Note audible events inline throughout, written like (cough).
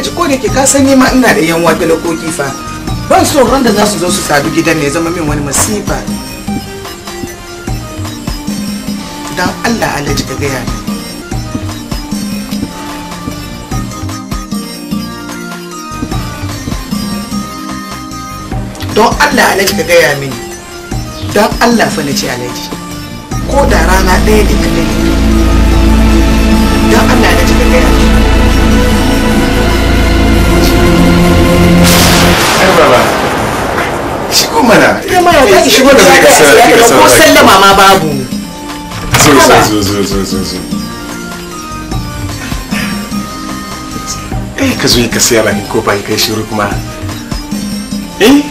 alhaji ko da ke ka sani ma ina da yan wata lokoki fa ban so ran da zasu zo su sadu gidan ne zama min wani masifa dan allah alaji ka gaya ni don allah alaji ka gaya mini don allah fa na ce alaji ko da rana ɗaya da kaɗai don allah alaji ka gaya mini ai baba shigo mana ita ma ya ki eh, shigo da zai ka sai ka ko sallama ma babu zo zo zo zo zo zo eh ka zo ka sai alakin ko ba kai shiru kuma eh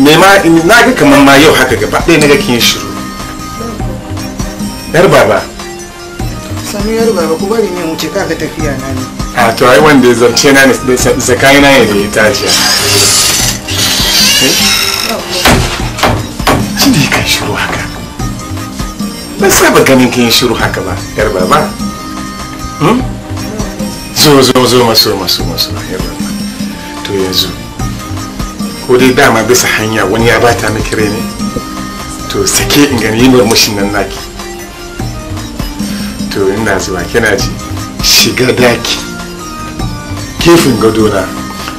me ma na ga kaman ma yau haka gaba ɗaya na ga kin shiru yar baba sami yar baba ku bari ne mu ce ka tafiya na ne a to ai wanda zance na ne tsakani na da ya tashi shi da kan shiru haka ban saba ganin kan shiru haka ba yar baba hmm? zo zo zo maso maso maso yar baba to yanzu ko dai dama bisa hanya wani ya bata miki rai ne to sake in gani yin murmushin nan naki to ina zuwa kina ji shiga daki gefen gadona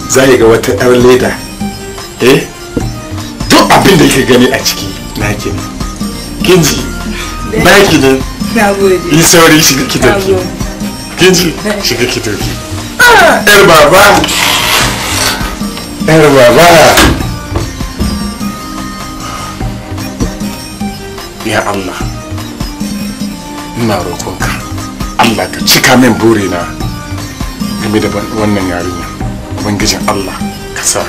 za ga wata 'yar leda eh duk abin da ke gani a ciki na ke kinji na ki nan yi sauri shiga ki dauki kinji shiga ki dauki yar ah! baba yar baba ya Allah ina roƙonka Allah ka cika min burina game da wannan yarinya ubangijin allah ka sa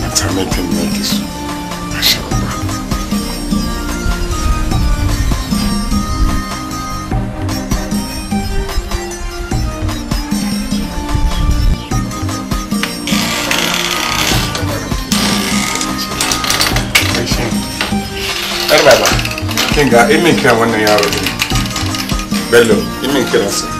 na same ta ne ke kin ga imin kiran wannan yaro ne. Bello, imin kiransa.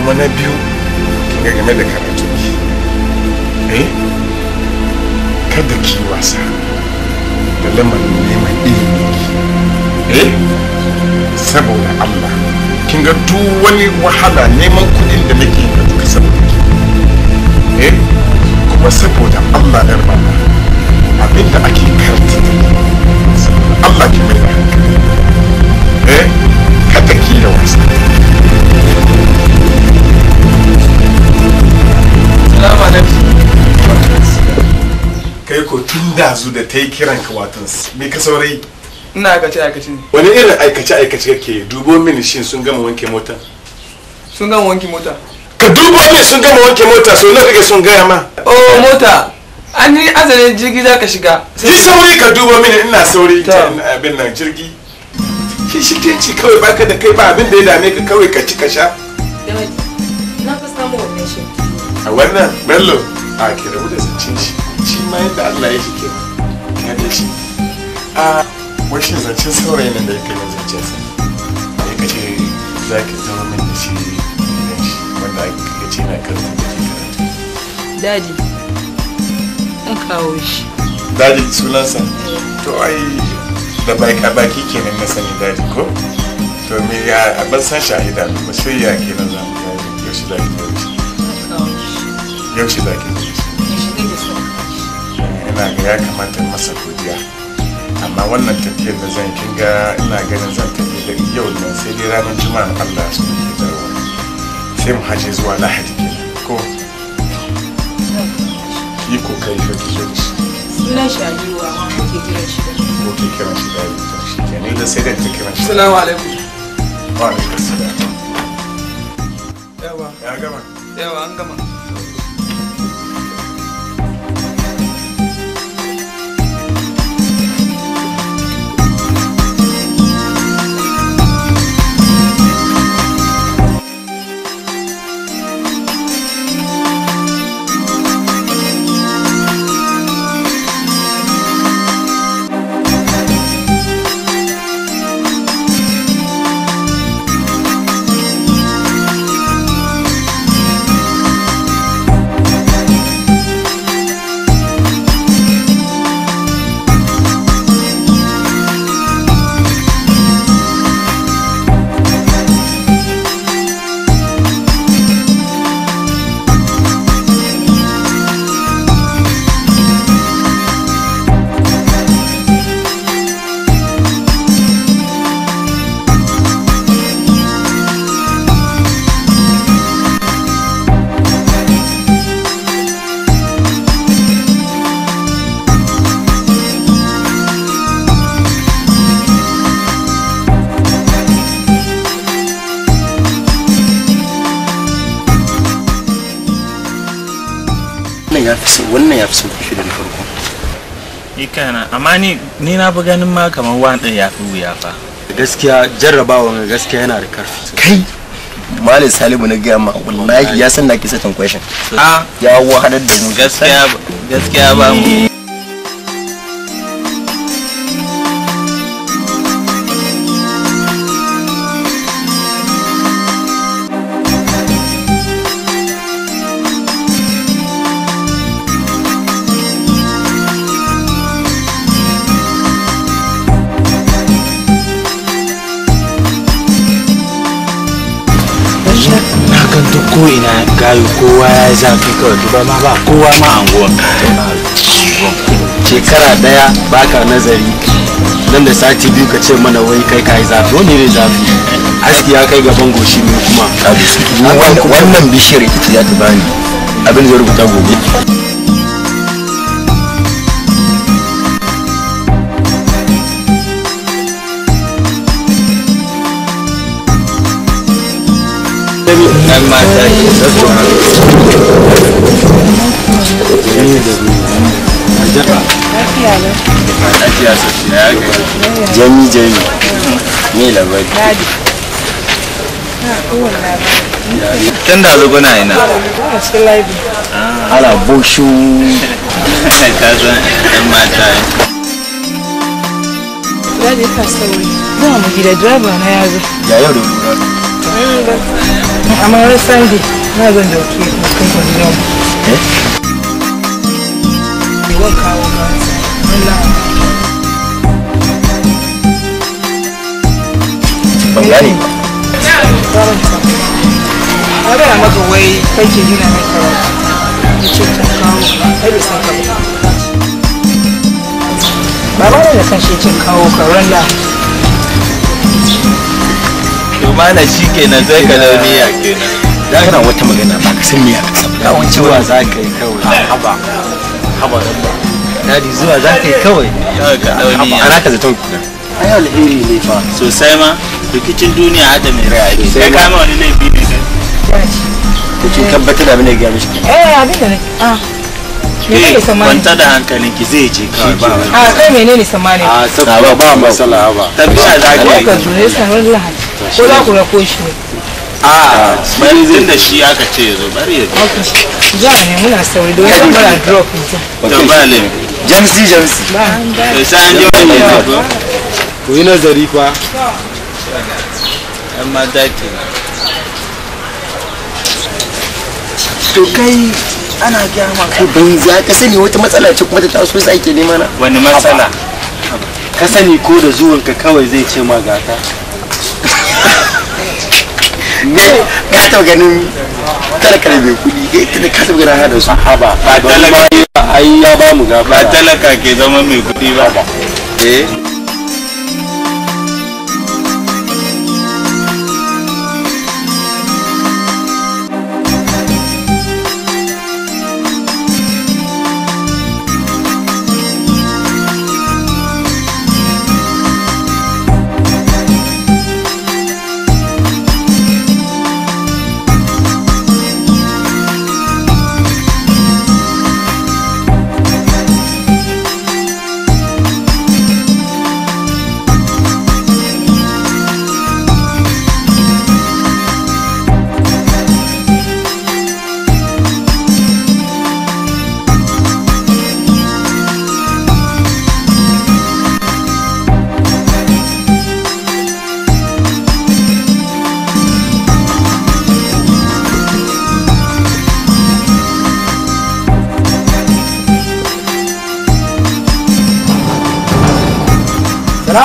kuma na biyu ga game da karatu eh kada ki wasa da lamarin neman ilimi eh saboda Allah kin ga duk wani wahala neman kudin da nake da duka saboda ki eh kuma saboda Allah ɗan baba abinda ake karanta saboda Allah ki mai da eh kada ki yi wasa salamu alaikum kai ko tun dazu da ta yi kiran ka watan me ka saurayi ina aikace aikace wani irin aikace aikace kake dubo min shin sun gama wanke mota sun gama wanke mota ka dubo min sun gama wanke mota so na kake sun gaya ma oh mota an yi azanin jirgi za ka shiga yi sauri ka dubo min ina sauri abin nan jirgi shi shi tenci kawai baka da kai ba abin da ya dame ka kawai ka ci ka sha na fi samu wannan shi a wannan bello a ki rabu sun zancen shi shi ma yadda allah ya shi ke ya da shi a washin zancen saurayi nan da ya kai zancen sa ya kace za ki zama min da shi wanda ya ce na karfin da ke karatu daji an kawo shi daji sunansa eh. to ai da baka baki kenan na sani daji ko to me ya ban san shahida ba sai ya kenan za mu ga yaushe da yaushe za ki zo ina ga ya kamata masa godiya amma wannan tafiyar da zan kinga ina ganin zan tafi da yau ne sai dai ranar juma'a Allah su ke ruwa sai mu haje zuwa lahadi ko yi kokari ka tuzo da shi sunan shi aliyu ko muke kira shi da muke kira shi da aliyu shi kenan da sai da ta kira shi assalamu alaikum wa alaikum assalam yawa ya gama yawa an gama wannan ya fi sun shi da farko ni kana amma ni ni na fi ganin ma kamar wani ya fi wuya fa gaskiya ga gaskiya yana da karfi kai malam salimu na gaya ma wallahi ya san na kisa question a ah. ya wahalar da mu gaskiya gaskiya ba mu yi zafi kawai duba ma ba kowa ma anguwan shekara daya baka nazari nan da sati biyu ka ce mana wai kai ka yi zafi wani ne zafi aski ya kai gaban goshi ne kuma wannan bishiyar ita ya ta bani abin zai rubuta gobe 'yan mata ke tattauna lafiya sosai ya gari jami jami me labari tun da ina ala bushu (laughs) kazan 'yan mata Dadi ka sauri, za mu gida driver na yazo. Ya yau da amma wani sandi na zan da wato kai kwanu yau yawan kawo ma ban gane ba ba maka wai kai ke gina mai san shi cin kawo ka ran amana shi kenan sai ka zauniya kenan da kana wata magana ba ka san miya aka ba wani wa za ka yi kawai ah, haba haba dadi zuwa za ka yi kawai ka ah, ana ka zaton ai alheri ne fa sosai ma rikicin duniya hada mai ra'ayi sai kama wani laifi ne kai to kin eh. tabbatar da abin eh, ya gaya eh abin da ne ah. eh, a kwanta da ki zai je kawai ba a kai menene samani a ba ba masala ba tafiya za ka yi ko za ku rako shi ne a bari zai da shi aka ce yazo bari ya za ne muna sauri don wani mara drop mutum to ba le jamsi jamsi ba sai an ji wani ne ko ku yi nazari fa yan mata ke to kai ana gyama ko banza ka sani wata matsala ce kuma ta taso sai ake nema na wani matsala ka sani ko da zuwanka kawai zai ce ma gata ne ya taɓa ganin talaka da mai kuɗi ya eh, tana ka taɓa ganin hada su haba ba talaka ai ya ba mu talaka ke zama mai kuɗi ba eh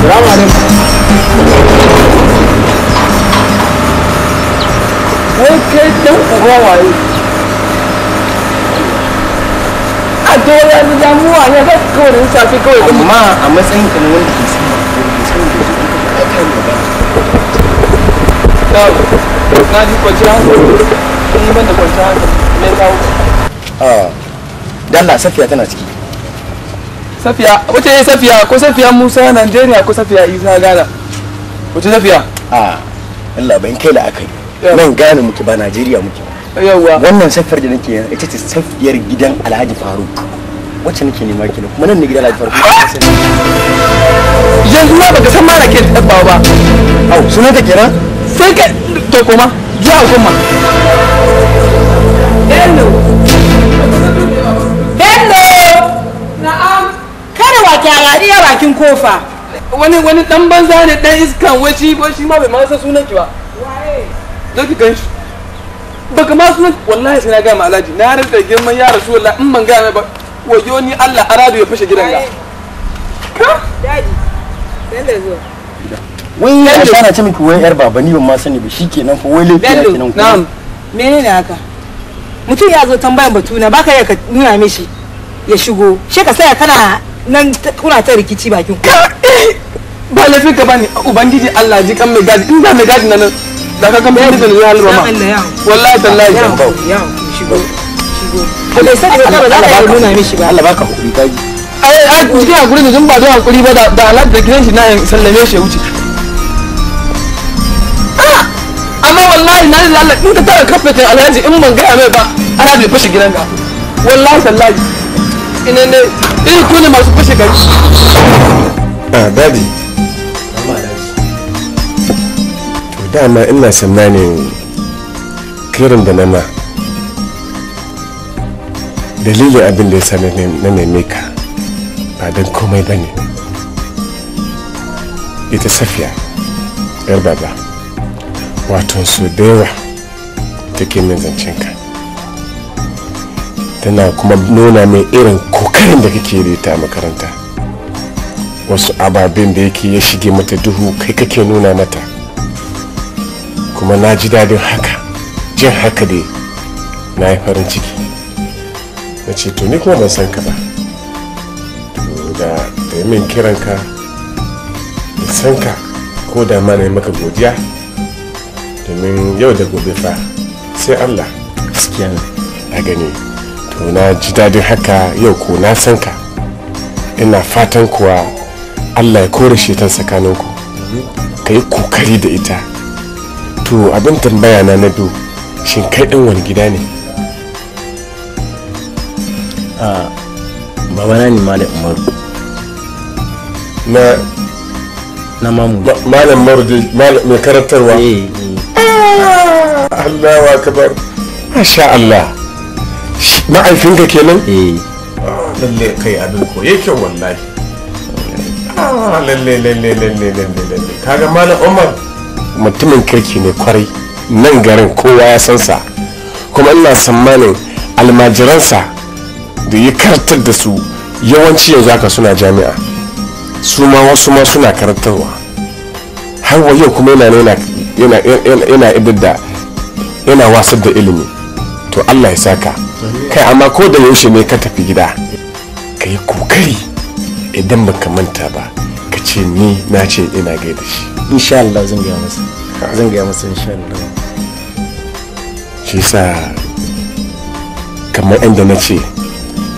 salamu alaikum kai kai dan uba waye a dole da damuwa ya ga kawai da safi kawai amma a matsayin kan wanda ke sama da san da shi ka kan magana to na ji kwanci hankali kun ban ah, da safiya tana ciki safiya wace ne safiya ko safiya musa nigeria ko safiya isa ghana wace safiya a allah ban kai la akai nan ghana muke ba nigeria muke yawa wannan safiyar da nake yanzu ita ce safiyar gidan alhaji faruk wacce nake nema kina kuma nan ne gidan alhaji faruk yanzu ma baka san mana na ke tabbawa ba au sunan ta kenan sai ka to koma zuwa koma hello baki a iya bakin kofa wani wani dan banza ne dan iskan wai shi ma bai ma san sunan ki ba waye zo ki ganshi baka ma sunan wallahi sai na ga ma alaji na rinda girman ya rasu wallahi in ban ga mai ba wajo ni Allah aradu ya fashe gidan ga ka daji dan da zo wai ya shana ce miki wai yar baba ni ban ma sani ba shikenan fa wai laifi ya kenan ko na'am menene haka mutum ya zo tambayan batuna baka ya nuna mishi ya shigo shi ka saya kana nan kuna ta rikici bakin ku ba laifin ka bane ubangiji Allah ji kan mai gadi in ba mai gadi nan da ka kan mai gadi ne halin ma wallahi tallahi ya shigo shigo ko sai ka ba za ka nuna mishi ba Allah baka hukuri gadi ai a cikin hakuri da ba hakuri ba da Allah da gidan shi na sallame shi ya wuce ah! amma wallahi na lalata in ka tara kafe alhaji in ban gaya mai ba alhaji ya fashe gidanka wallahi tallahi tsinanne irin ku ne masu fashe gari a ah, dadi dama ina sanna ne kirin da nama dalilin abin da ya sa na neme ka ba don komai ba ne ita safiya yar baba wato su da yawa take min zancen ka tana kuma nuna mai irin kokarin da kake da ta makaranta wasu ababen da yake ya shige mata duhu kai kake nuna mata kuma na ji dadin haka jin haka dai na yi farin ciki na ce to ni kuma ban san ka ba da da yi min kiranka da san ka ko da ma na yi maka godiya domin yau da gobe fa sai allah gaskiya a gani to na ji dadin haka yau ko na san ka ina fatan kuwa allah ya kore shetan tsakaninku ka yi kokari da ita to abin tambaya na na biyu shin kai ɗin wani gida ne babana ne malam umaru na na mamu malam umaru mai karantarwa eh, eh. ah, allah wa kabar masha allah ma'aifinka kenan eh ah, lalle kai abin ko yake wallahi ah, lalle lalle lalle lalle lalle kaga malam umar mutumin kirki ne kwarai nan garin kowa ya san sa kuma ina tsammanin almajiransa da ya karantar da su yawanci yanzu haka suna jami'a su ma wasu ma suna karantarwa har wa yau kuma yana yana yana yana yana wasar da ilimi to allah ya saka kai amma ko da yaushe ne ka tafi gida ka yi kokari idan baka manta ba ka ce ni na ce ina da shi insha Allah zan gaya masa zan gaya masa insha Allah shi sa kamar inda na ce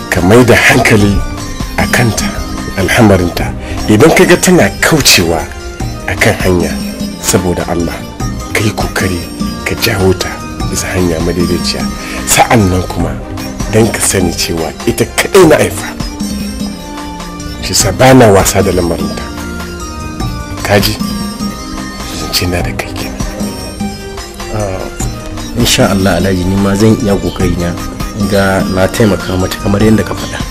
ka mai da hankali a kanta alhamarinta idan ka ga tana kaucewa a kan hanya saboda Allah ka yi kokari ka jawo ta bisa hanya madaidaiciya sa'an nan kuma don ka sani cewa ita kaɗai na haifa shi sabana ba na wasa da lamarinta kaji zance na da kai kenan ah, insha Allah alhaji ni ma zan iya kokari na ga na taimaka mata kamar yadda ka faɗa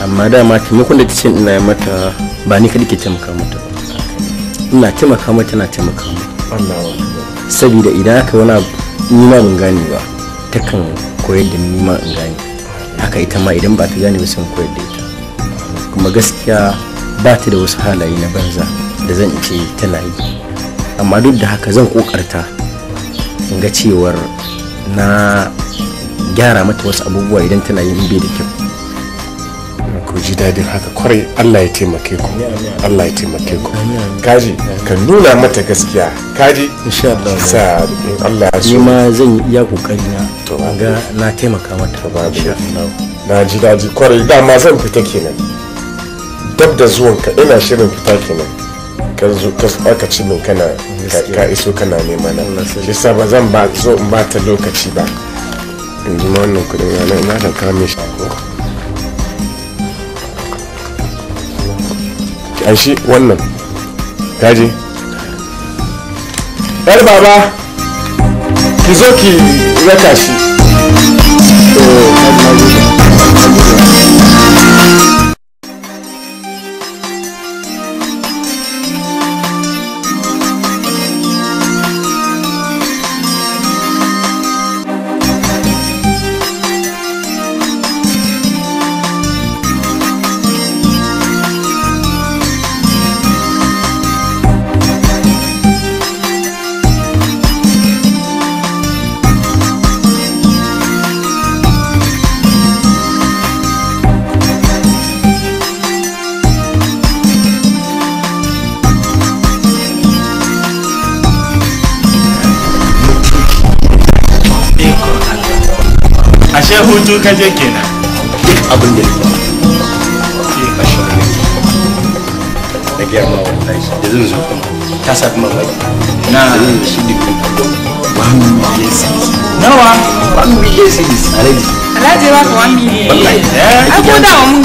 amma dama taimakon da tace ina mata ba ni kadi ke taimaka mata ina taimaka mata na taimaka mata saboda idan aka wani abu nima ban gane ba ta kan koyar da nima in gane haka ita ma idan ba ta gane ba sun koyar da ita kuma gaskiya ba ta da wasu halaye na banza da zan ce tana yi amma duk da haka zan kokarta in ga cewar na gyara mata wasu abubuwa idan tana yin bai da kyau ji dadin haka kwarai Allah ya taimake ku Allah ya taimake ku kaji ka nuna mata gaskiya kaji insha Allah sa in Allah ya so ma zan yi iya kokari na to ga na taimaka mata ba na ji daji kwarai dama zan fita kenan dab da zuwanka ina shirin fita kenan ka zo aka ci min kana ka iso kana nema na sa ba zan ba zo in ba ta lokaci ba in ji wannan kudin ranar na da kame shi a shi wannan kaji yar baba ki zo ki raka shi ashe hutu ka je kenan duk abin da ke da shi da zan zo ta sa kuma na shi nawa wani alaji alaji ba ka wallahi eh? ai ko da mun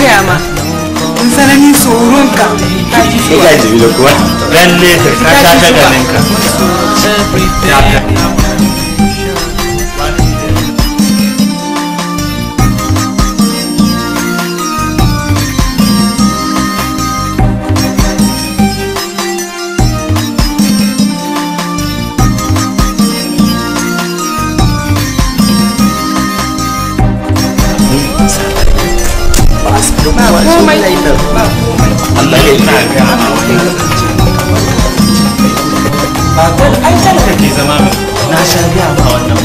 in sanani tsoron ka ta ji shi ya ji lalle ta ta ta ta ba ko ai sai da ke zama na sha ya, ma wannan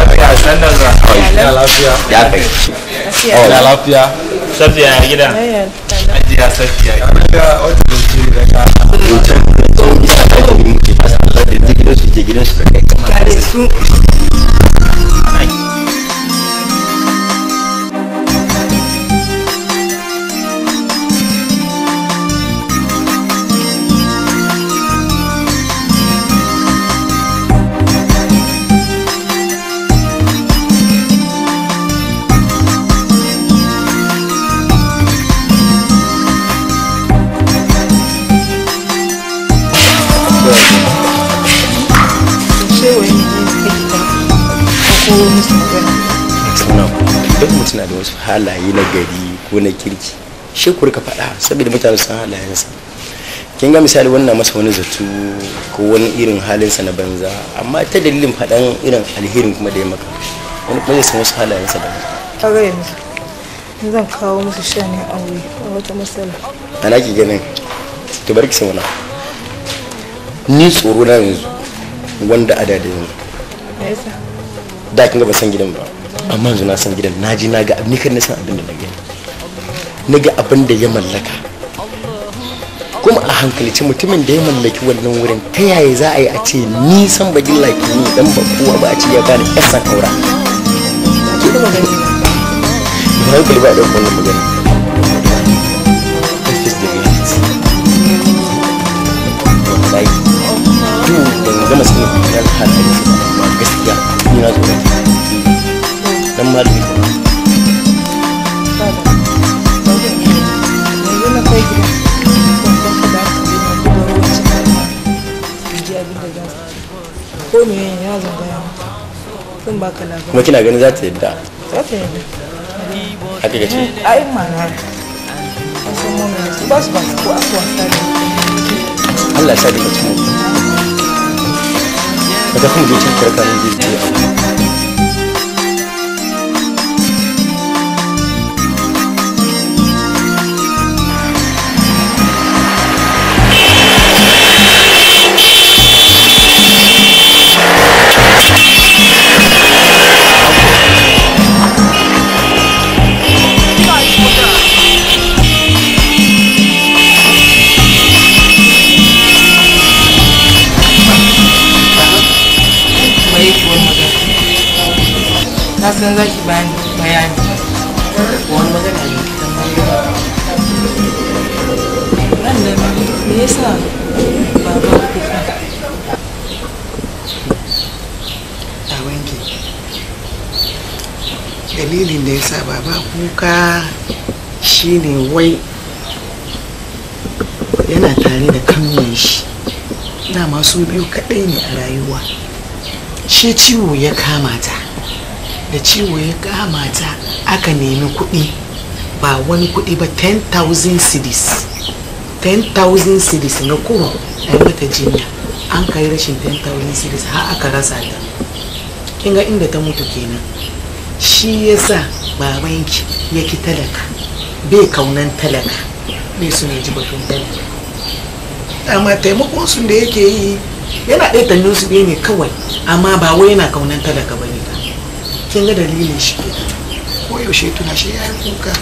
magana lafiya ya kai lafiya lafiya ya gida siyasan iyaye. halaye na gari ko na kirki shi ku rika faɗa saboda mutane san halayensa kin ga misali wannan masa wani zato ko wani irin halinsa na banza amma ta dalilin faɗan irin alherin kuma da ya maka wani kuma zai san wasu halayensa da kaga yanzu zan kawo musu shanin aure a wata matsala ana ki ganin ki bar ki sauna ni tsoro na yanzu wanda a da yanzu da kin ga san gidan ba amma yanzu na san gidan naji na ga ni kan na san abin da na gani na ga abin da ya mallaka kuma a hankalci mutumin da ya mallaki wannan wurin ta yaya za a yi a ce ni san bagin laki ni dan ba kowa ba a ce ya bani yar sakaura ke da ba hankali ba da wannan magana Like, you dan malami ko me ya zagaya mata zan baka labari kuma kina ganin za ta yadda za ta yadda haka ka ce ma na san ne ba su ba wasa Allah ya sa da ka ta kuma je da ya nan za ki bayan bayani wani magana ne ran da me yasa baba kuka a wanke dalilin da yasa baba kuka shine wai yana tare da kanwan shi dama su biyu kaɗai ne a rayuwa shi ciwo ya kama ta da ciwo ya kama ta aka nemi kuɗi ba wani kuɗi ba 10,000 cedis 10,000 cedis na kuma a yi mata jinya an kai rashin 10,000 cedis har aka rasa ta kin inda ta mutu kenan shi ya sa babanki ya ki talaka bai kaunan talaka bai su ji batun talaka amma taimakon su da yake yi yana ɗaya tannin su ne kawai amma ba wai yana kaunan talaka ba ne kin ga dalilin shi ko yaushe tuna shi ya yi kuka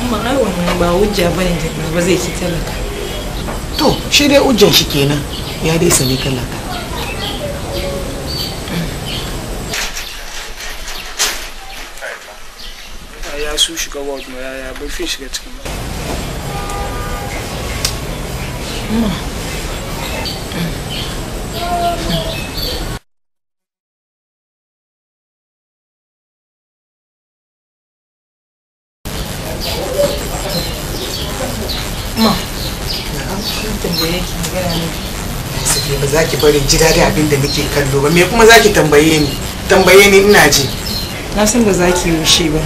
amma ai wannan ba hujja bane da ba zai ci talaka to shi dai hujjan shi kenan ya dai sani talaka ya su shiga ward ma ya bai fi shiga cikin Mm. farin ji daɗi abin da muke kallo ba me kuma zaki tambaye ni tambaye ni ina ji na san ba za ki yi ba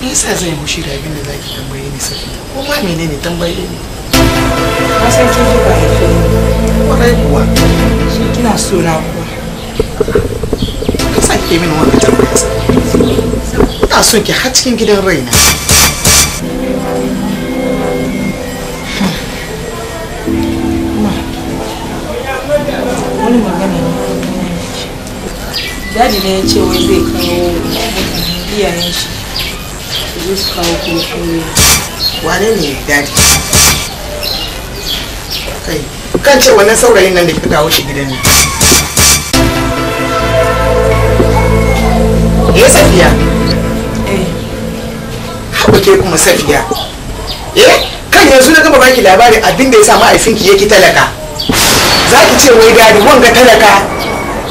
me yasa zan yi da abin da za ki tambaye ni sai ko ma menene tambaye ni na san kin ji ba haife ni kwarai kuwa shi kina so na kuwa ka sake min wannan tambayar sa ina son ki har cikin gidan raina wani magana dadi ne ya ce wai zai kawo iyayen shi su su kawo kuma aure wane ne dadi kai kan ce wannan saurayin nan da kika kawo shi gidan ne eh safiya eh haka ke kuma safiya eh kan yanzu na gama baki labarin abin da ya sa mahaifinki yake talaka za ki ce wai dadi wanga talaka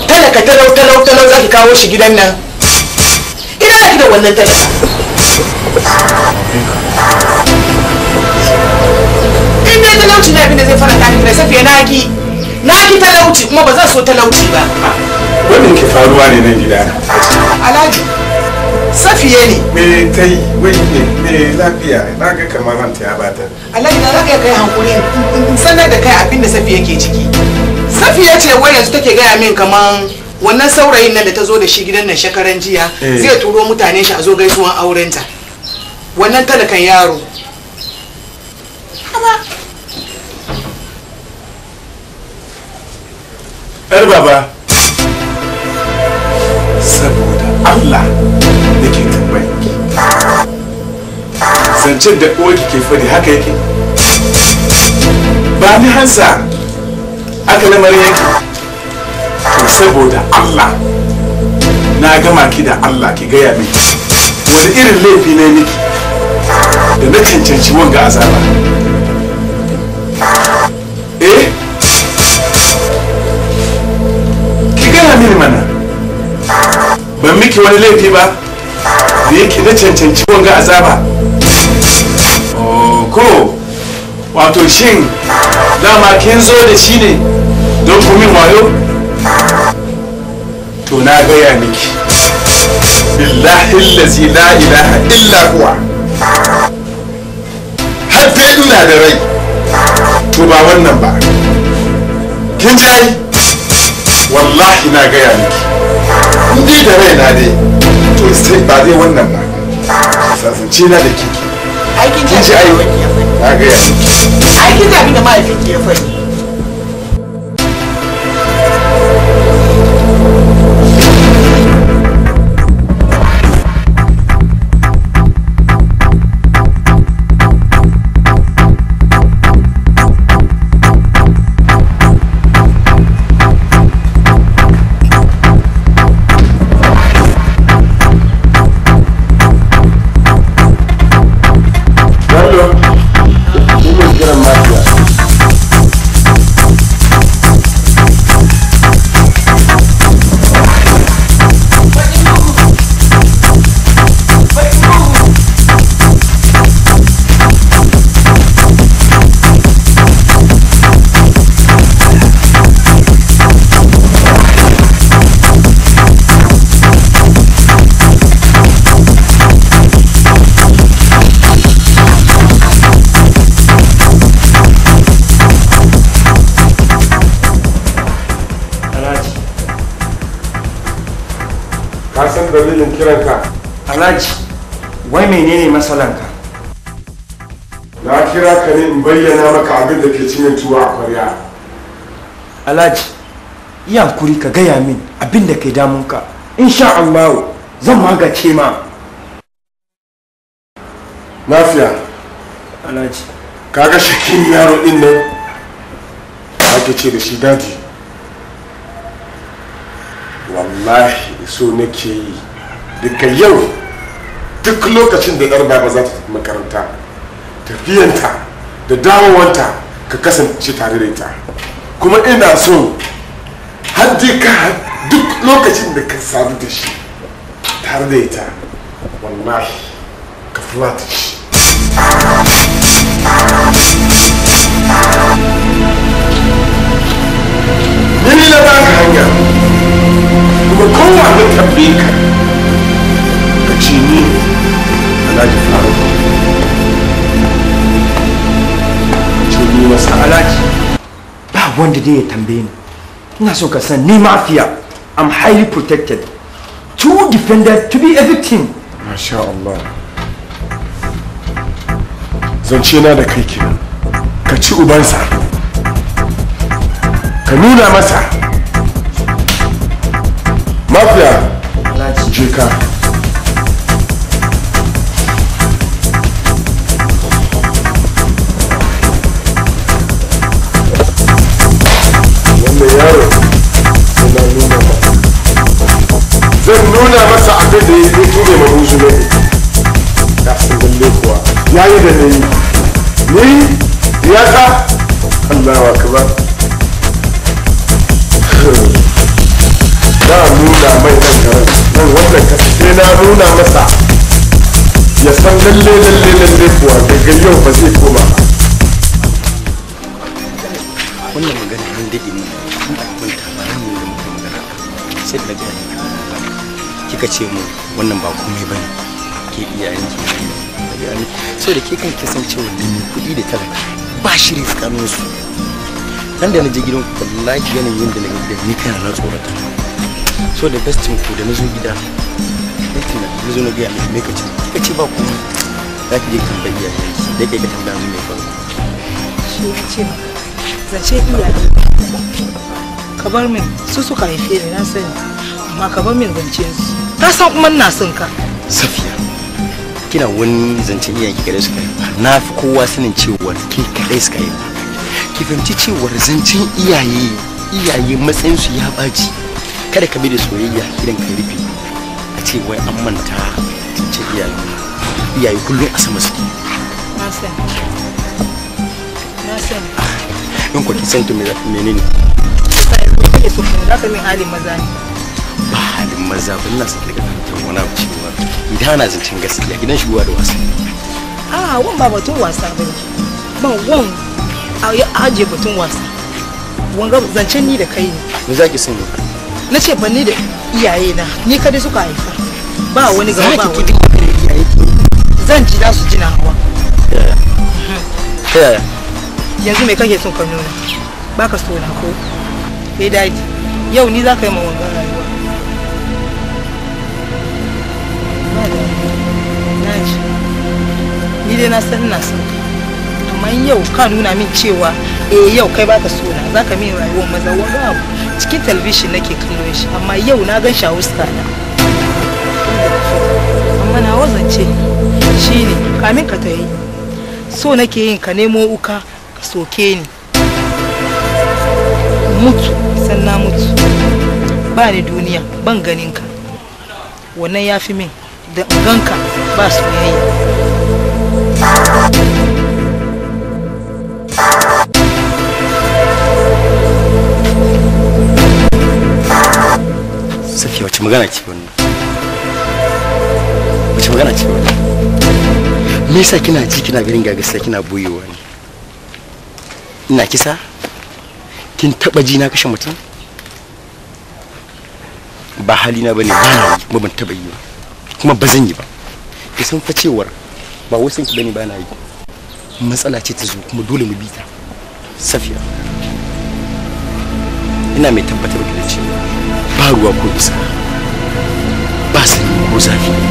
talaka talau talau talau za ki kawo shi gidan nan ina da wannan talaka in dai talauci na da zai fara ni da safiya na naki ki talauci kuma ba zan so talauci ba wannan ke faruwa ne nan gida alhaji safiye ne me ta yi wai ne me lafiya na ga kamar ranta ya bata alhaji na za ka kai hankuri sanar da kai da safiya ke ciki safiya ce wai yanzu take gaya min kaman wannan saurayin nan da ta zo da shi gidan nan shekaran jiya eh. zai turo mutane shi a zo gaisuwan aurenta wannan talakan yaro yar baba saboda allah da ke tambayi zancen da uwarki ke fadi haka yake ba ni hansa aka lamar yake to saboda allah na gama ki da allah ki gaya min wani irin laifi ne miki da na cancanci wanga azaba eh ki gaya min mana ban miki wani laifi ba da yake na cancanci wanga azaba oh, ko wato shin dama kin zo da shi ne don kumin wayo to na gaya miki billahi lazi la ilaha illa huwa har ina da rai to ba wannan ba kin ji ai wallahi na gaya miki ni da rai na dai to sai ba zai wannan ba sasance na da kiki kin ji ai I kisa abin da mahaifinki for faɗi. dalilin kiranka alhaji wai menene matsalanka na kira ka ne in bayyana maka abin da ke cinye tuwo a kwarya alhaji iya kuri ka gaya min abin da ke damunka insha Allah zan magace ma lafiya alhaji kaga shakin yaro din nan ake ce da shi daji wallahi so nake yi daga yau duk lokacin da yar baba za ta tafi makaranta tafiyanta da dawowanta ka kasance tare da ita kuma ina so haddi ka duk lokacin da ka sadu da shi tare da ita wallahi ka fulata shi Ni na hanya. ba kowa zai ka ka ni alhaji faruk ce ni masa alhaji ba wanda dai ya tambaye ni ina so ka san ni mafiya i'm highly protected two defended to be a victim masha Allah zance na da kai kenan ka ci ubansa ka nuna masa Mafia, jika. Wanda yaro suna nuna ba. Zan masa abin da ya tube ma buzu ne. Ya san lalle kuwa. Ya Ni ya Allah wa kabar. na nuna mai nan karen nan wannan kasa sai na nuna masa ya san lalle lalle lalle kuwa daga yau ba zai koma wannan magana an dade mun an da kun tabarin mun da muka magana sai da ga kika ce mu wannan ba komai bane ke iyayen ki so da ke kan cewa ne kuɗi da talaka ba shiri tsakaninsu nan da na je gidan wallahi yanayin da na gidan ni kana na tsorata so da best team ku da na zo gida best na na zo na gaya mai mai kace kace ba ku za ki je ki tambayi ya da kai ka tambaya mun mai faru shi ya ce maka zace iyaye ka bar min su suka haife ni na sani amma ka bar min zancen su ka san kuma ina son ka safiya kina wani zancen iya ki kadai suka yi na fi kowa sanin cewar ki kadai suka yi ki fahimci cewar zancen iyaye iyaye matsayinsu ya baci kada ka bi soyayya idan ka rufe a ce wai an manta cincin iyaye iyaye kullum a sama suke na san na san in ku san to menene sai ne so za ka min halin maza ne ba halin maza ba ina sake daga tantan wani abu cewa idan ana zancen gaskiya gidan shigowa da wasa a ah, wan ba batun wasa ba ne ban wan a ajiye batun wasa wanga zancen ni da kai ne ni me zaki sani na ce ban ni da iyaye na ni kada suka haifa ba wani gaba ba wani zan ji su ji na hawa yanzu mai kake son ka nuna ba ka so na ko kai daji yau ni za ka yi ma rayuwa ni dai na san na san amma yau ka nuna min cewa eh yau kai ka so na za ka min rayuwar maza wani abu cikin talbishin nake kallon shi amma yau na gan shawuska na amma na wazance shi kamin ka tayi so nake yin ka nemo uka ka soke ni mutu sannan mutu ba ni duniya ban ganin ka wannan ya fi min da ganka ba soyayya Safiya wace magana ce wannan? Wace magana ce wannan? Me yasa kina ji kina ganin ga gaskiya kina boyewa ne? Ina kisa? Kin taba ji na kashe mutum? Ba halina bane ba na yi, ban taba yi ba. Kuma ba zan yi ba. Ki san fa cewar ba wasan ki bane ba na yi. Matsala ce ta zo kuma dole mu bi ta. Safiya. ina mai tabbatar miki da cewa ba ruwa ko iska ba sanyi ko zafi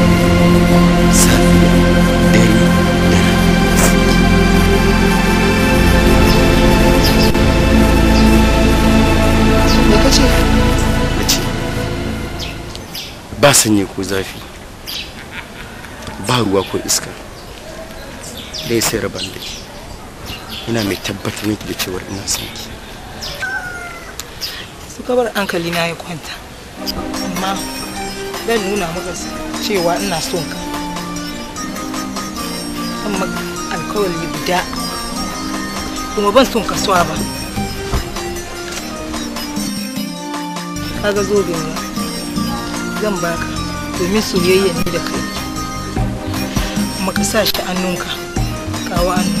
safiya dare da me kace ba sanyi ko zafi ba ruwa ko iska dai sai raban da ina mai tabbatar miki da cewa ina sanki Suka bar hankali na ya kwanta amma zan nuna maka cewa ina son ka amma maka guda kuma ban son ka suwa ba kaga zo da zan baka domin soyayya ne da kai kuma ka sa shi hannunka kawo hannu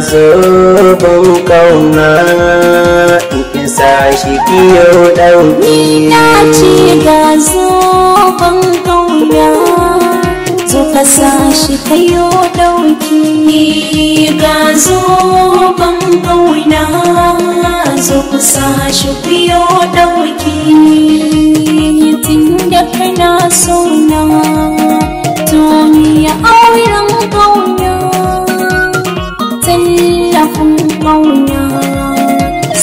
zubin kauna isa shi kiyau ɗauki na ce ga zubin kauna zuka sa shi kayo ɗauki ga zubin kauna zuka sa shi kayo ɗauki tun da kana sona to ni ya auren kauna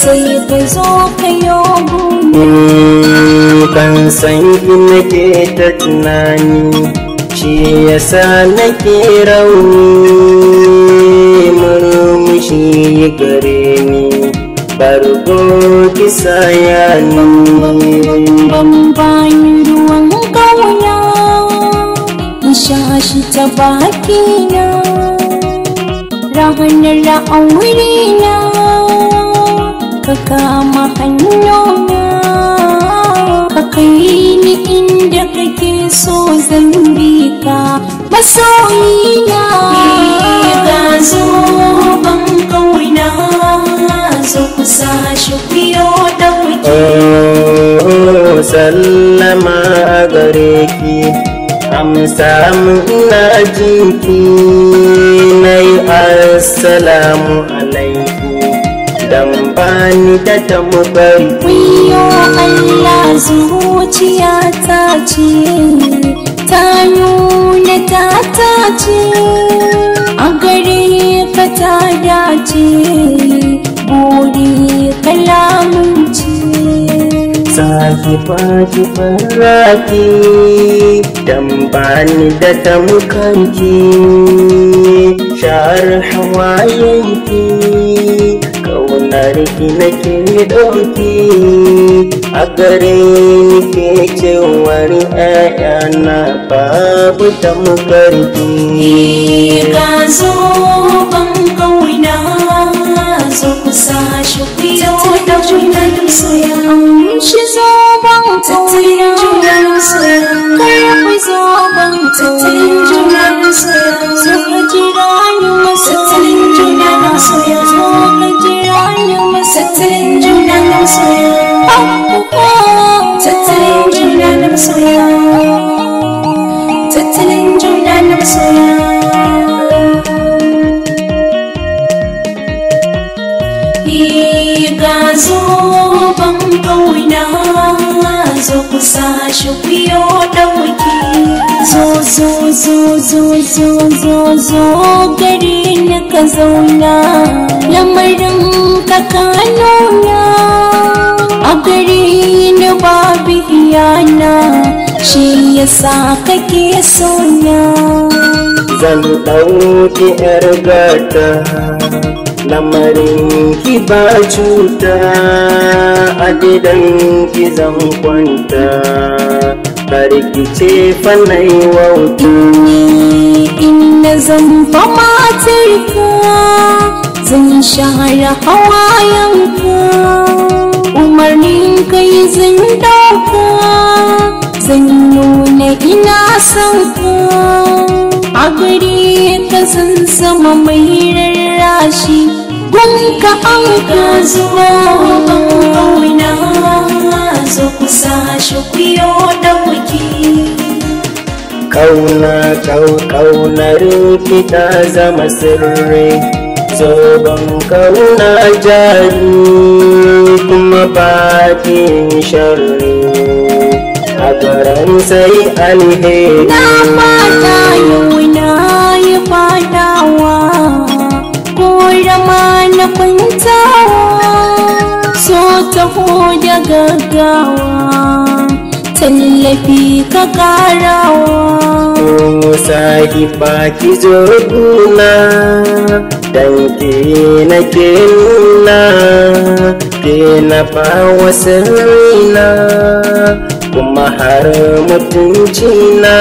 sai ka zo ka yi eh, ban san in nake ta tunani shi yasa nake rauni murmushi gare ni bargo kisa ya nan bayan ruwan kawaya shashi ta bakina rahanar na ka kama hannuna ka ni inda kake so zan bi ka masoyina ga kawai na zo kusa shi biyo dauke oh, sallama a gare ki amsa na jiki na yi assalamu alaikum dan bani da tambari wiyo Allah zuciya ta ce ta nuna ta ta ce a gare ka ta dace buri kalamun ce Sahibaji faraki dambani da tamkanki shahar hawayenki ƙaunarki nake ɗauki a gare ni ke cewar ƴaƴa na babu tamkarki ka zo ban na zo kusa shi kuyo da junan soya shi zo ban na junan soya zo ban soya Ya yasa kake sonya zan ɗauki yar gata lamarin ki ba cuta a gidan ki zan kwanta ki ce fanai wauta inna zan fama tarka zan shahara ka umarnin kai zan dauka sauko a gare ka san sama mai rarrashi gunka an ka zuwa ƙauna zo kusa shi kuyo ɗauki ƙauna ƙaunar ki ta zama sirri zoben ƙauna jari kuma batin sharri karan sai alheri na fata yau na yi fadawa ko da ma na kwantawa so ta da gaggawa tallafi ka karawa sahi baki zo guna danki na ke nuna ke na ba wasu na. kuma har mutunci na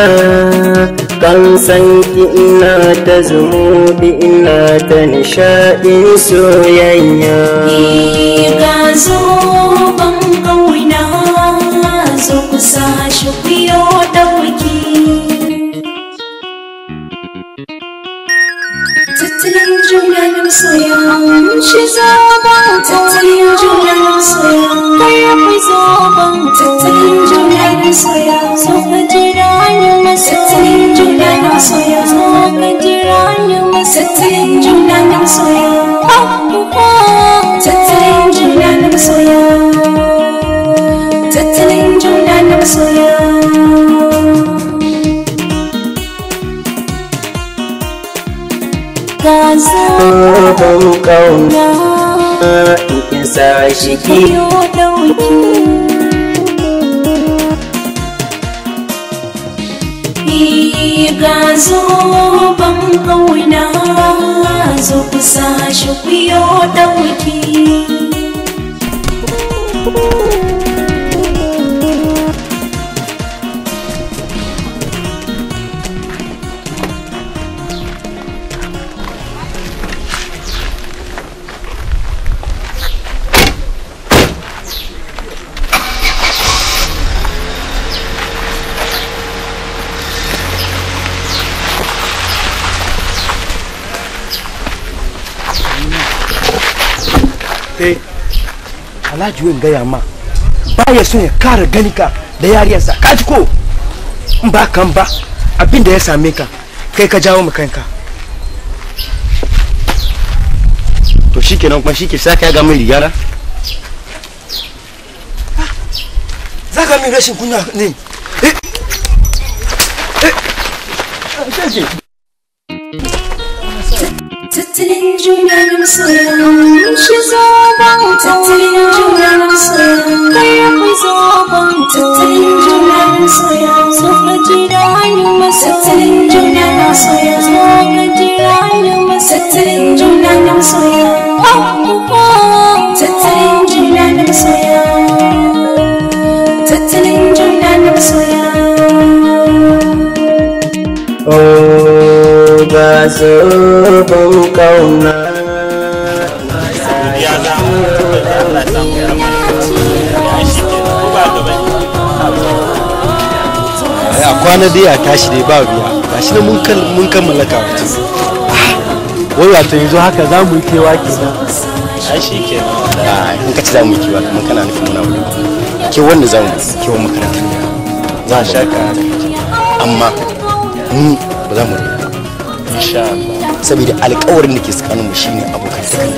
kan san ki ina ta zumuɗi ina ta nishaɗin soyayya soya shi zaben tattalin junan soya kai akwai zaben tattalin junan soya so ka jira yin masa tattalin junan soya so ban kauna in sa shi kiyo dauki ga zo ban kauna zo kusa shi kuyo dauki eh alhaji wen gaya ma ya son ya kara gani ka da yariyarsa ka ji ko in ba kan ba abin ya same ka kai ka jawo mu kanka to shikenan kuma shike ya ga mai rigana za ka min rashin kunya ne eh eh tattalin junansu shi zoben tattalin junansu kai ku zoben tattalin junansu so ka ji rayu masoya. tattalin junansu so ka ji rayu masoya. tattalin junansu tattalin zubin kauna a kwana dai a tashi dai ba biya ga shi mun kammala kawai wai wato yanzu haka za mu yi kewa ke shi ke in ka ci za mu yi kewa kana nufin muna ke wanda za mu kewa makarantar za a sha ka amma ba za mu saboda alƙawarin da ke tsakanin mu shine abokan da kan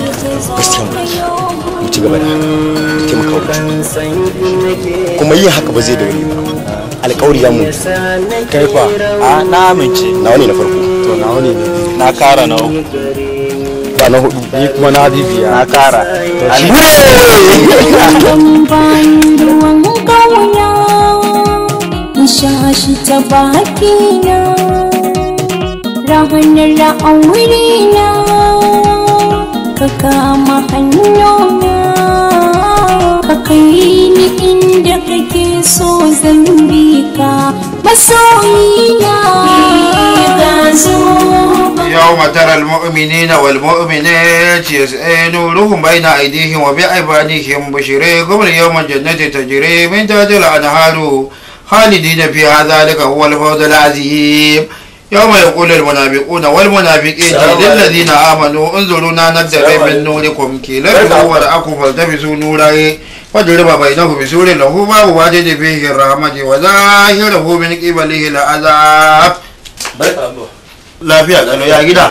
gaskiya mu mu ci gaba da taimaka wa kuma yin haka ba zai da wani alƙawari ya mu kai fa a na amince na wani na farko to na wani na kara na uku ba na hudu ni kuma na bibiya na kara Shashi ta baki ta hanyar da an wuri na ka kama hanyoyi ka kai ni inda kake so zambika masoyi na ka zo yau matar al-mu'mini na wal-mu'mini ci zai nuruhun bai na aidihin wa bi aibani kim bishire gumar yau ta jire min tajil an haru halidi na fi hazalika huwa al-fawzul azim يوم يقول المنافقون والمنافقين للذين آمنوا انظرونا نتبع من نوركم كي لبوا وراءكم فالتمسوا نورا فاضرب بينه بسور له باب واجد فيه الرحمة وظاهره من قبله العذاب lafiya tsalo ya يا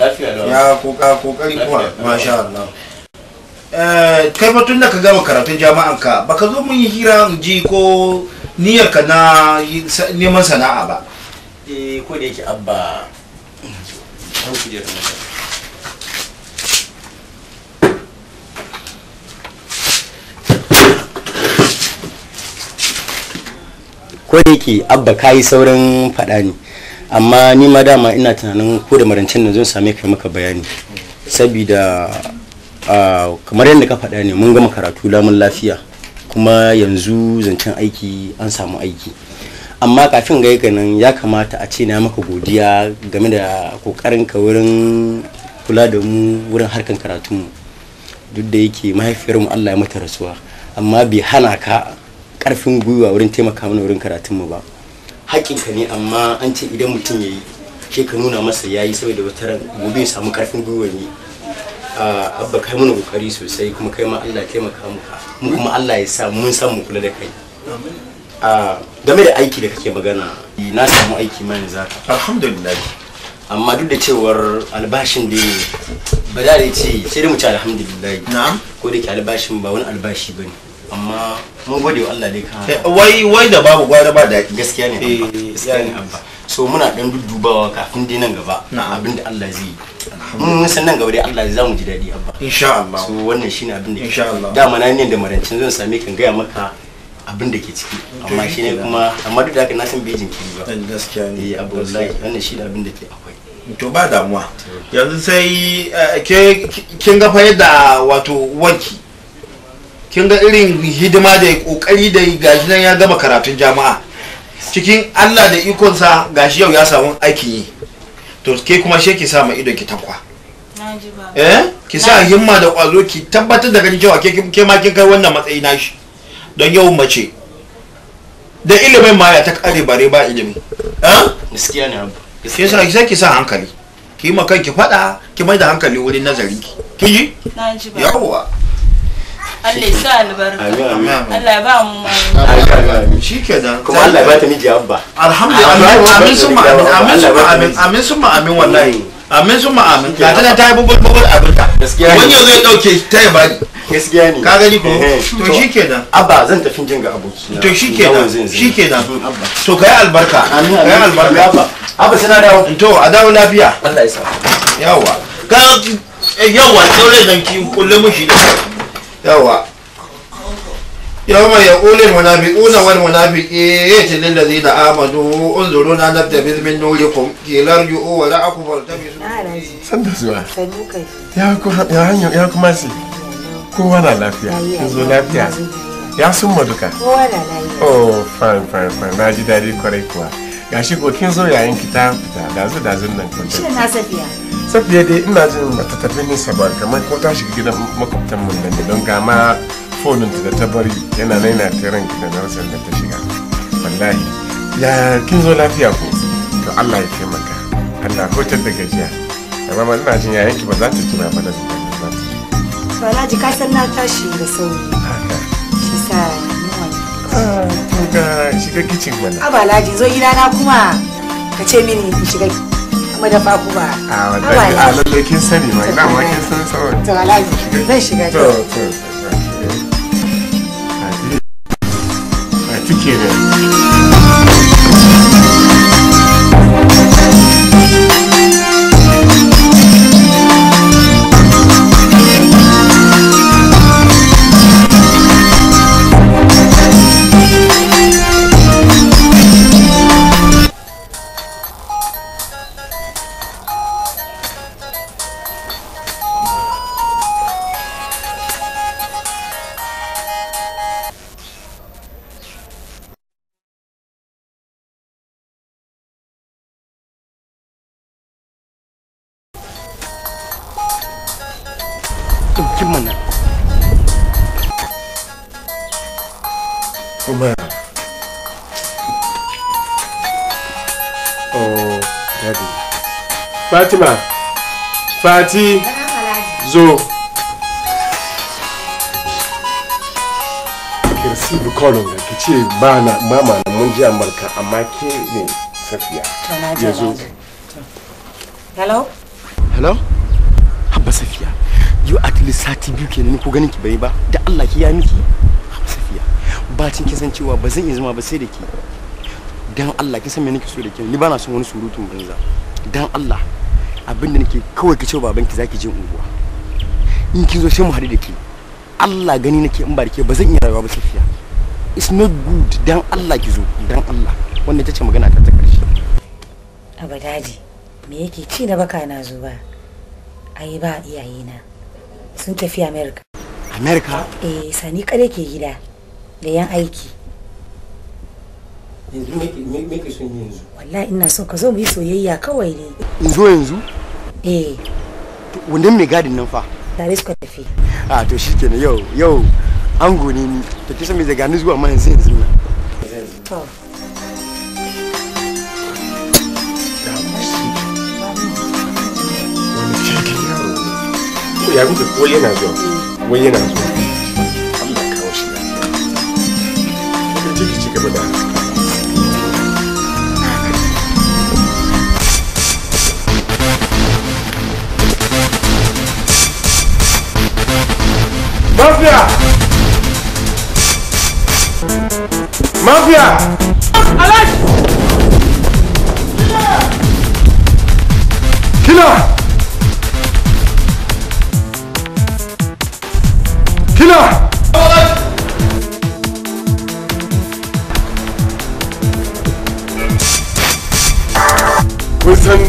ya kuka kokari kuwa masha Allah kai fa tun da ka gama karatun jama'an ka baka zo mun yi hira ji ko niyyar ka na neman sana'a ba eh ko abba kayi sauran saurin faɗa ne amma ni ma dama ina tunanin ko da marancin nan zan same ka maka bayani saboda kamar yadda ka faɗa ne mun gama karatu lamun lafiya kuma yanzu zancen aiki an samu aiki amma kafin ga ganin ya kamata a ce na maka godiya game da kokarin ka wurin kula da mu wurin harkan karatun mu duk da yake mahaifiyarmu Allah ya mata rasuwa amma bai hana ka karfin gwiwa wurin taimaka mana wurin karatun mu ba ka ne amma an ce idan mutum yayi ke ka nuna masa yayi saboda wata ran gobe ya samu karfin gwiwa ne abba kai mana kokari sosai kuma kai ma Allah ya taimaka muka mu kuma Allah ya sa mun san mu kula da kai game da aiki da kake magana eh, na samu aiki mai zaka alhamdulillah amma duk da cewar albashin da ba da ce sai mu ci alhamdulillah na'am ko da ke albashin ba wani albashi bane amma mun gode wa Allah dai ka eh, wai wai da babu gwada ba da gaskiya ne eh, gaskiya ne amma so muna dan dudubawa kafin dai nan gaba abin da Allah zai yi mun san nan gaba dai Allah zai zamu ji dadi abba insha Allah so wannan shine abin da insha Allah dama na ne da marancin zan same ka gaya maka abin da ke ciki amma shi ne kuma amma duk da haka na san bejin ki ba gaskiya ne eh, abu wallahi wannan shi da abin da ke akwai to ba damuwa yanzu sai eh, kin ga fa yadda wato wanki kin ga irin hidima da kokari da gashi nan ya gama karatun jama'a cikin Allah da sa gashi yau ya samu aiki yi to ke kuma she ki sa ma ido ki takwa eh ki sa himma da kwazo ki tabbatar da ganin cewa ke ma kin kai wannan matsayi nashi don yau mace da ilimin ma ya ta kare bare ba ilimi gaskiya ne abu ke sai ki sa hankali ki ma kanki ki ki mai da hankali wurin nazari ki ki ji yawa Allah ya sa albarka Allah ya ba mu mai kuma Allah ya ba ta miji abba alhamdulillah amin sun ma amin amin sun ma amin wallahi amin su ma amin ka tana ta yi bubul bubul abin ta wani yanzu ya dauke ta ya bani gaskiya ne ka gani ko eh, eh. to shikenan abba zan tafi jin ga aboki to shikenan shikenan to kai albarka amin kai albarka abba abba sana dawo to a dawo lafiya Allah ya sa yawa ka yawa dole zan ki kullum shi yawa يوم يقول المنافقون والمنافقين للذين آمنوا انظرونا نبتبذ من نوركم قيل ارجعوا ولا أكو فالتمسوا sanda zuwa ya ku ya hanyo ya kuma si kowa na lafiya kin zo lafiya ya sun ma duka kowa na lafiya oh fine fine fine na ji daɗi kwarai kuwa gashi ko kin yayin ki ta fita dazu dazun nan kun shi na safiya ina jin ba ta tafi nisa ba kamar ko ta shiga gidan makwabtan mu nan don ga ma foninta da ta bari yana naina ta ranki da darasar da ta shiga wallahi ya kin zo lafiya ko to allah ya taimaka allah ta daga gajiya amma ma ina jin yayanki ba za ta jira ba da ba to alhaji ka san na tashi da sauri shi sa ni ga ah, shiga kicin mana a balaji, zo na kuma ka ce mini in shiga madafa kuma a ah, wallahi a ah, lalle kin sani ma ina ma kin san sauran to alhaji zan shiga to to Türkiye'de. fatima fati zo kirsi bukolon ki ce ba na mama na mun ji amurka amma ke ne safiya ya zo hello hello habba safiya yau at least sati biyu ke kenan ko ganin ki bai ba da allah ki ya miki habba safiya ba bacin kisan cewa ba zan iya zama ba sai da ki dan allah kisan me nake so da ke ni ba na son wani surutun banza dan allah abinda nake kawai ki ce babanki zaki je unguwa in kin zo sai mu haɗu da ke Allah gani nake in ba da ke ba zan iya rayuwa ba safiya it's not good dan Allah ki zo dan Allah wannan ita ce magana ta ta karshe abadaji me yake ci da baka na zo ba ai ba iyaye na sun tafi America America eh sani kare ke gida da yan aiki yanzu me ke son yanzu wallahi ina son ka zo mu yi soyayya kawai ne in zo yanzu eh wannan mai gadin nan fa tare suka tafi a ah, to shikenan yau yau an gone ni to kisa mai daga zuwa ma yanzu yanzu to ya ko yana zuwa yana zuwa Allah kawo shi lafiya. mafia. aláṣẹ. killer. killer. kun san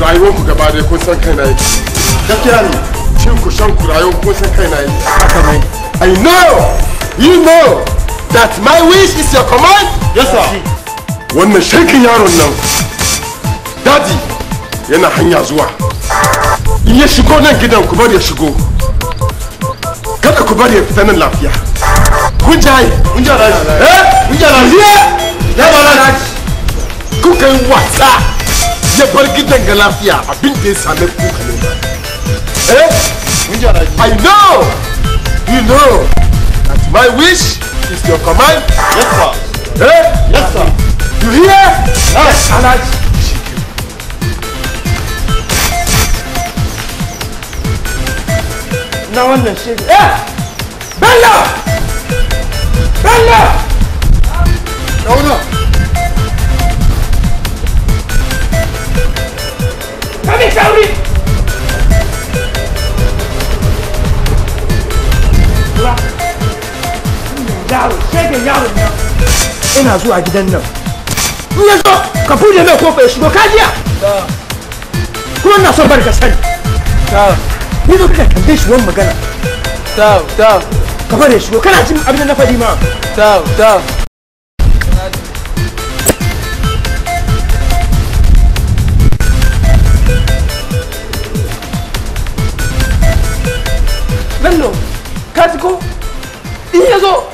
rayuwarku gaba da kun san kai na yi gaskiya ne cin ku shan ku rayuwar kun kai na yi haka ne i know you know that my wish is your command? Yes, sir. Wannan shekin yaron nan, dadi yana hanya zuwa. In ya shigo nan gidan ku bari ya shigo. Kada ku bari ya fita nan lafiya. Kun jaye. Kun jaye. Eh? Kun jaye. Ya ba Kuka yi wasa. Ya bar gidan ga lafiya abin da ya same ku kalin ba. Eh? Kun jaye. I know. You know. That's my wish. is your command? Yes, sir. Hey, eh? Yes, sir. You hear? Yes, Now Alhaji. Na wannan shi. Eh! Bello! Bello! Dauna! Kami sauri! yaro shegen yaro nan ina zuwa gidan nan in ya zo ka bude mai kofa ya shigo kajiya kuma na son barka sani ni zo kika tambaye shi wani magana ka bari ya shigo kana jin abin da na faɗi ma Bello, ka ji ko? In zo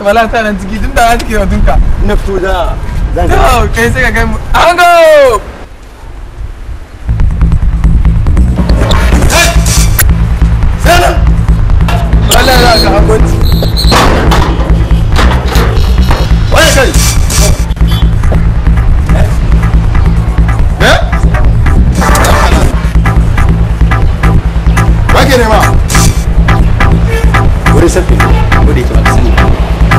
wala tana ciki tun da ciki wa dunka na fito da zan ga kai sai ka ga mu an go wala za ka hangonci wala kai Wake ne ma. Wuri safi, wuri ke ba ka sani.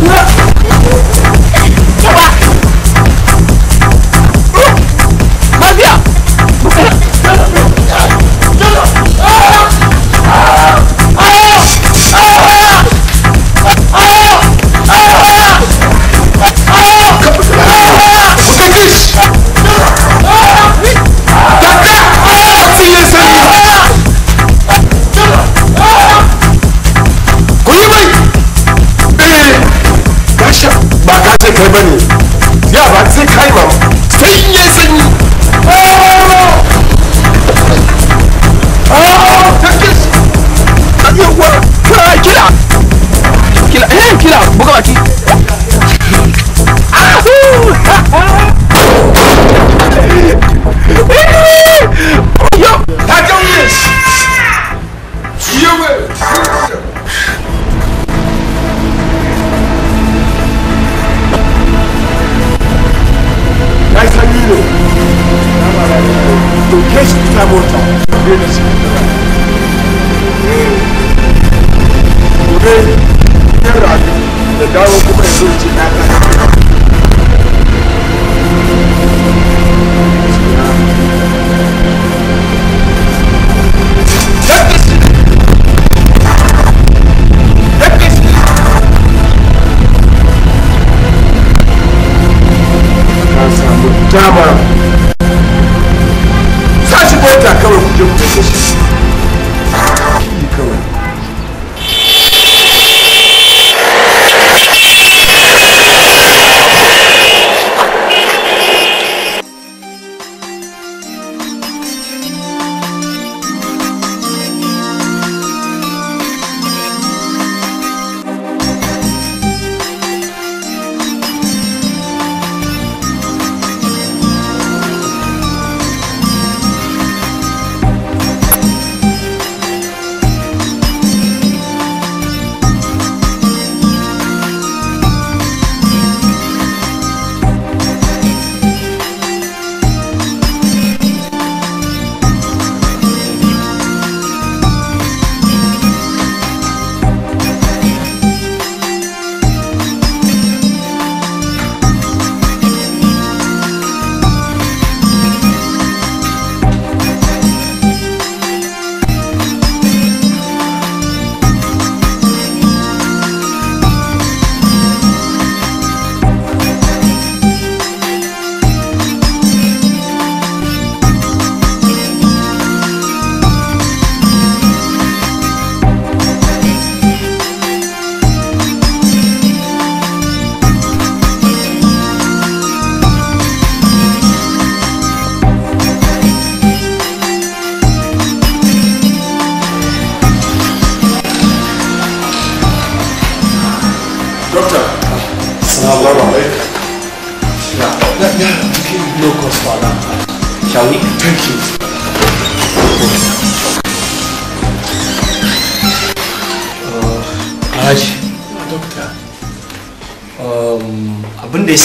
No! kai bane ya ba sai kai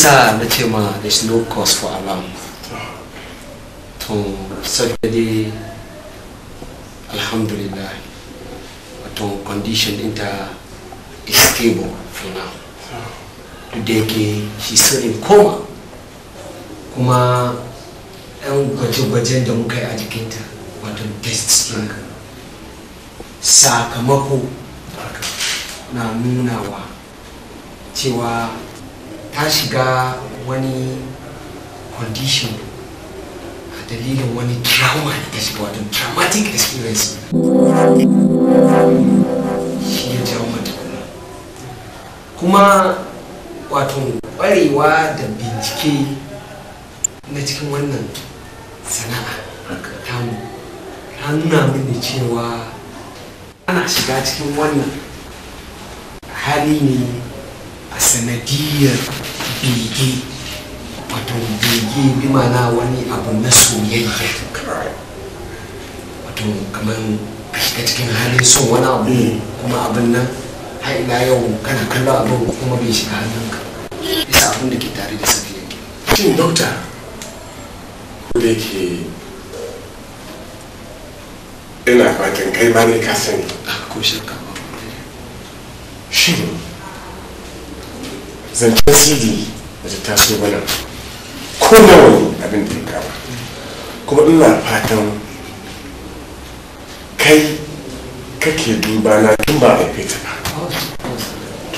Sir let Matilma, there's no cause for alarm. shiga cikin halin son wani abu hmm. kuma abin nan har ila yau kana kallon abin kuma bai shiga hannunka isa abin da ke tare da safiya shin dokta ko da yake ina fatan kai ma ne ka sani a ah, ko shakka ba shin zancen sidi da ta taso mana ko nawa ne abin da ya kama kuma ina fatan kai kake duba na tun ba a fita ba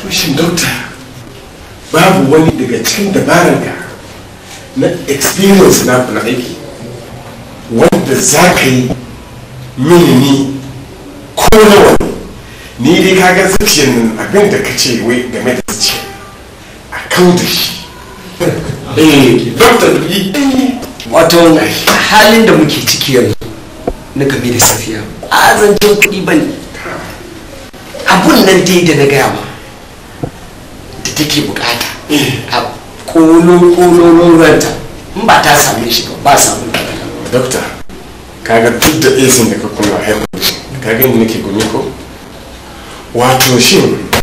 tushin dokta babu wani daga cikin dabarar ka na experience na na aiki wanda za ka yi mini ni ko ni dai ga zuciyar nan abin da ka ce wai game da zuciya a kan da shi (laughs) eh dokta eh, wato halin da muke ciki yanzu na game da safiya a zancen kuɗi ba ne abun nan dai da na gaya ma da take bukata a kolon ranta in ba ta same shi ba ba samun dokta kaga duk da izin da ka kula haikun shi kaga inda nake gumi ko wato shi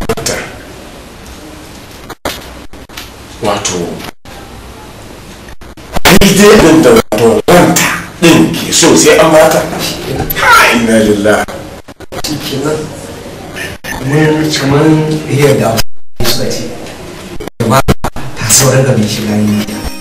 dokta wato daidai da wato din ke so sai an baka kai na lilla shi kenan mun kaman iya da suka ba ta sauran da mai shiga ne